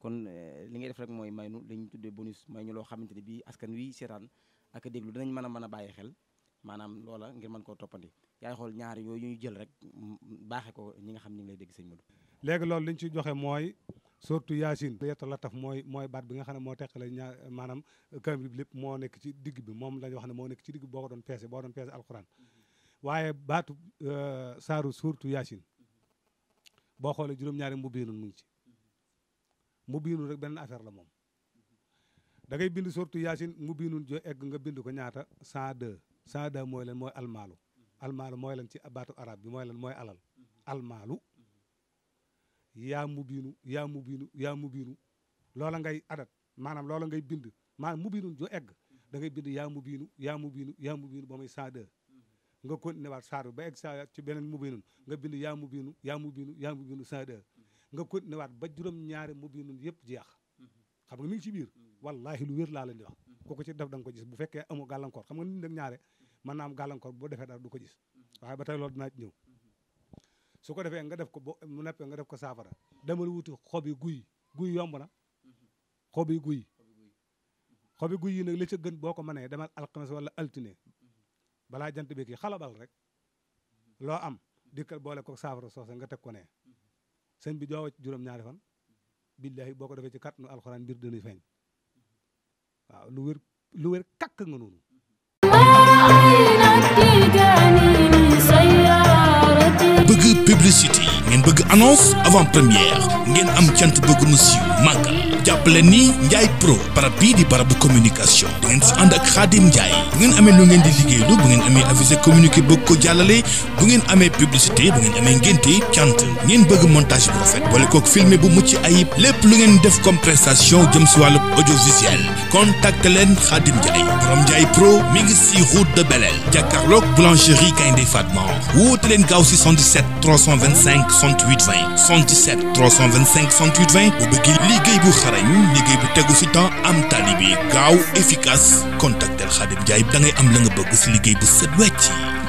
kon eh, li ngay def rek mooy may nu dañu tuddee bonus may ñu loo xamante ne bii askan wi seetaan ak déglu dinañ mën a mën a bàyyi xel maanaam loola ngir mën koo toppandi yaay xool ñaar yooyu ñu jël rek baaxe ko ñi nga xam ñu ngi lay dégg sëñ Modou léegi loolu li ñu ci joxe mooy surtout yaasin yetta la taf mooy mooy baat bi nga xam ne moo teqale ñaar maanaam lépp moo nekk ci digg bi moom lañu wax ne moo nekk ci digg boo ko doon peese boo doon peese alxuraan waaye baatu eh, saaru surtout yaasin boo xoolee juróom-ñaari mbubbi noonu mu ngi ci mu biinu rek beneen affaire la moom da ngay bind surtout yaasin mu biinun jo egg nga bind ko ñaata cent deux cent deux mooy lan mooy almaalu almaalu mooy lan ci baatu arab bi mooy lan mooy alal almaalu yaa mu biinu yaa mu biinu yaa mu biinu loola ngay adat maanaam loola ngay bind maanaam mu biinun jo egg da ngay yaa mu biinu yaa mu biinu yaa mu biinu ba muy nga continué waat saar bi ba egg saa mu biinun nga bind yaa mu biinu yaa mu biinu yaa mu biinu nga continué waat ba juróom-ñaari mu biinu nun yëpp jeex xam nga mi ngi ci biir wallaahi lu wér laa leen di ko kooku ci def da ko gis bu fekkee amoo gàllankoor xam nga nit nag ñaare mën naa am gàllankoor boo defee dara du ko gis waaye ba tey loolu dinaa ñëw su ko defee nga def ko bo mu nga def ko saafara demal wuti xobi guy guy yomb na xobi guy xobi guy yi nag li ca gën boo ko mënee demal alxames wala altine balaa jant bi kii bal rek loo am dikkal boole ko saafara soose nga teg ko ne sëñ bi joowoo ci juróom-ñaari fan billahi boo ko defee ci kàttanu alxuraan mbir dañuy feeñ waaw lu wér lu wér kakk nga noonu bëgg ngeen bëgg annonce avant première ngeen am cant bëgg mu siiw màggal jàppale ni Ndiaye Pro barab bii di barabu communication da ngeen si ànd ak Khadim Ndiaye bu ngeen amee nu ngeen di liggéeylu bu ngeen amee avisé communiqué bëgg ko jàllale bu ngeen amee publicité bu ngeen amee ngénte cant ngeen bëgg montage bu rafet boole kook filmé bu mucc ayib lépp lu ngeen def comme prestation jëm si wàllu audiovisuel contacte leen Khadim Ndiaye borom Ndiaye Pro mi ngi si route de Belel jàkkaarloog boulangerie Gaynde Fatma woote leen gaaw si 77 325 68 20 77 325 68 20 bu bëgg liggéey bu xarañ liggéey bu tegu ci temps am tali bi gaaw efficace contactel Khadim Ndiaye da ngay am la nga bëgg si liggéey bu set wecc